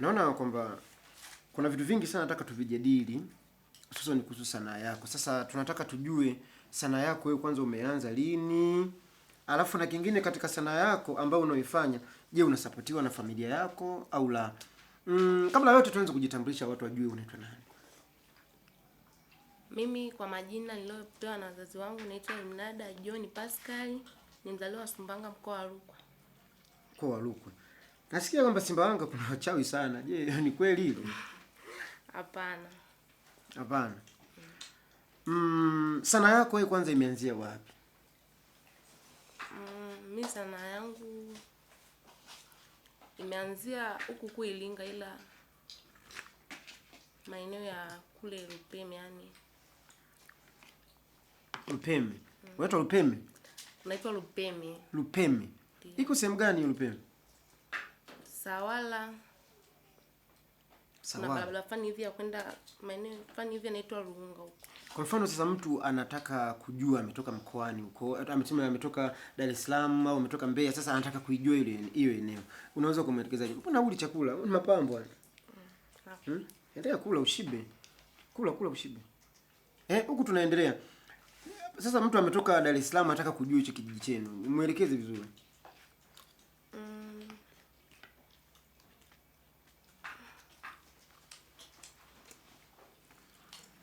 Naona kwamba kuna vitu vingi sana nataka tuvijadili, sasa ni kuhusu sanaa yako. Sasa tunataka tujue sanaa yako wewe kwanza umeanza lini, alafu na kingine katika sanaa yako ambayo unaoifanya, je, unasapotiwa na familia yako au la? Mm, kabla yote tuanze kujitambulisha, watu wajue unaitwa nani. Mimi kwa majina niliyopewa na wazazi wangu naitwa mnada John Pascal, ni mzaliwa wa Sumbawanga mkoa wa Rukwa. Mkoa wa Rukwa. Nasikia kwamba Simba wangu kuna wachawi sana. Je, ni kweli hilo? Hapana. Hapana. Mm, sana yako wewe kwanza imeanzia wapi? Mm, mimi sanaa yangu imeanzia huku kuilinga ila maeneo ya kule Lupeme yani. Lupeme. Mm. Unaitwa Lupeme? Unaitwa Lupeme. Lupeme. Iko sehemu gani Lupeme? Sawala kuna barabara fulani hivi ya kwenda maeneo fani hivi yanaitwa Ruunga huko. Kwa mfano sasa, mtu anataka kujua ametoka mkoani huko, amesema ametoka Dar es Salaam au ametoka Mbeya, sasa anataka kuijua ile hiyo eneo, unaweza kumwelekezaje? Mbona uli chakula ni mapambo haya? Mm, hmm, Endelea kula ushibe, kula kula ushibe. Eh, huku tunaendelea sasa. Mtu ametoka Dar es Salaam anataka kujua hicho kijiji chenu, mwelekeze vizuri.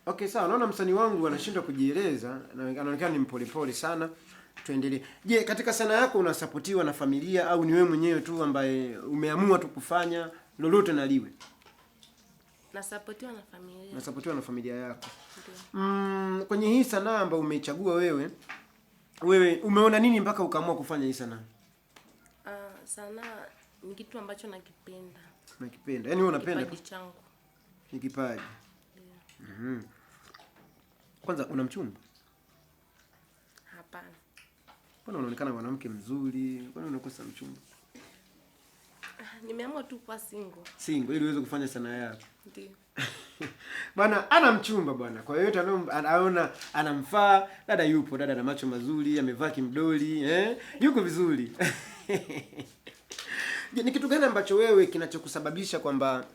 Okay, sawa. Naona msanii wangu anashindwa kujieleza, na anaonekana ni mpolepole sana. Tuendelee. Je, katika sanaa yako unasapotiwa na familia au ni wewe mwenyewe tu ambaye umeamua tu kufanya lolote na liwe? Nasapotiwa na familia. Nasapotiwa na familia yako. Ndiyo. Mm, kwenye hii sanaa ambayo umeichagua wewe, wewe umeona nini mpaka ukaamua kufanya hii sanaa? Uh, sanaa ni kitu ambacho nakipenda. Nakipenda. Yaani wewe unapenda? Kipaji changu. Ni kipaji. Mm-hmm. Kwanza una mchumba? Hapana. Kwani unaonekana mwanamke mzuri? kwani unakosa mchumba? Nimeamua tu kwa single. Single ili uweze kufanya sanaa yako. Ndio. Bwana ana mchumba bwana. Kwa yote anaona anamfaa, dada yupo, dada ana macho mazuri, amevaa kimdoli, eh? Yuko vizuri. Ni kitu gani ambacho wewe kinachokusababisha kwamba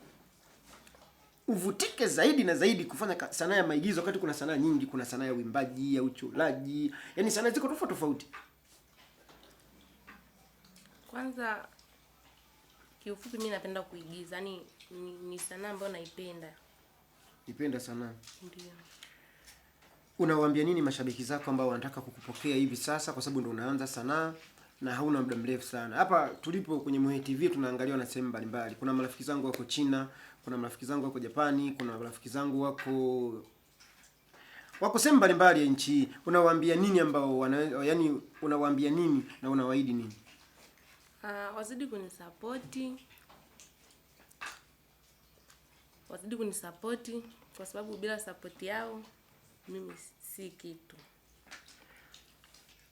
uvutike zaidi na zaidi kufanya sanaa ya maigizo, wakati kuna sanaa nyingi. Kuna sanaa ya uimbaji, ya uchoraji, yaani sanaa ziko tofauti tofauti. Kwanza kiufupi, mimi napenda kuigiza, yani ni, sanaa ambayo naipenda, nipenda sanaa. Ndio unawaambia nini mashabiki zako ambao wanataka kukupokea hivi sasa, kwa sababu ndio unaanza sanaa na hauna muda mrefu sana. Hapa tulipo kwenye mwe TV tunaangaliwa na sehemu mbalimbali. Kuna marafiki zangu wako China, kuna marafiki zangu wako Japani, kuna marafiki zangu wako wako sehemu mbalimbali ya nchi hii. Unawaambia nini ambao wana, yani unawaambia nini na unawaahidi nini? Uh, wazidi kunisapoti, wazidi kunisapoti kwa sababu bila sapoti yao mimi si kitu.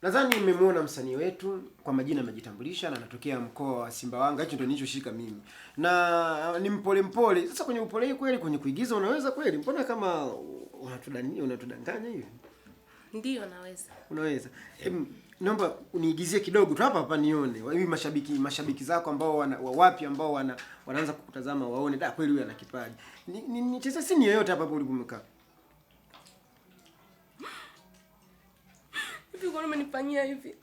Nadhani mmemwona msanii wetu kwa majina amejitambulisha na anatokea mkoa wa Simbawanga, hicho ndio nilichoshika mimi. Na ah, ni mpole mpole. Sasa kwenye upole hii kweli kwenye kuigiza unaweza kweli? Mbona kama unatudania unatudanganya hivi? Ndio naweza. Unaweza. Em, naomba uniigizie kidogo tu hapa hapa nione. Hivi mashabiki mashabiki zako ambao wana wapi ambao wana wanaanza kukutazama waone da kweli huyu ana kipaji. Ni, ni, ni, sini yoyote hapa hapo ulipomkaa. Hivi kwa nini umenifanyia hivi?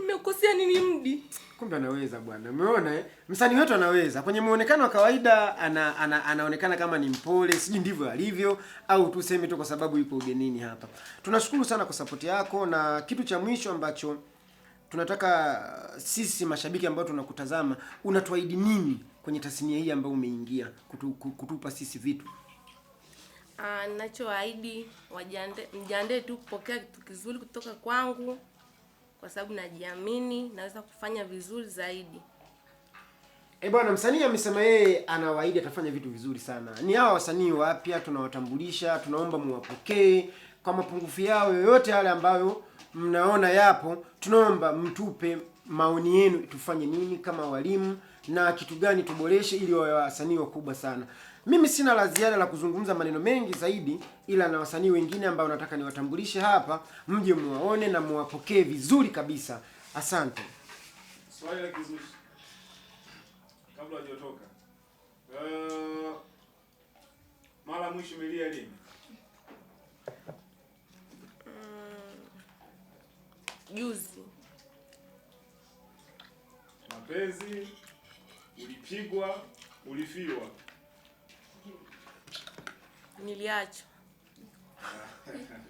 Nimekosea nini Mdi? Kumbe anaweza bwana. Umeona eh? Msanii wetu anaweza. Kwenye muonekano wa kawaida ana, ana, anaonekana kama ni mpole, sijui ndivyo alivyo au tuseme tu kwa sababu yupo ugenini hapa. Tunashukuru sana kwa sapoti yako na kitu cha mwisho ambacho tunataka sisi mashabiki ambao tunakutazama, unatuahidi nini kwenye tasnia hii ambayo umeingia kutu, kutupa sisi vitu? Ah, ninachoahidi mjiandae tu kupokea kitu kizuri kutoka kwangu kwa sababu najiamini, naweza kufanya vizuri zaidi. Eh, bwana msanii amesema yeye anawaahidi atafanya vitu vizuri sana. Ni hawa wasanii wapya tunawatambulisha, tunaomba muwapokee kwa mapungufu yao yoyote yale ambayo mnaona yapo, tunaomba mtupe maoni yenu, tufanye nini kama walimu na kitu gani tuboreshe ili wawe wasanii wakubwa sana. Mimi sina la ziada la kuzungumza maneno mengi zaidi, ila na wasanii wengine ambao nataka niwatambulishe hapa, mje muwaone na muwapokee vizuri kabisa. Asante. Swali la kizushi kabla hajatoka, uh, ee, mara mwisho melia lini? Mm, juzi mapenzi, ulipigwa, ulifiwa. Niliachwa.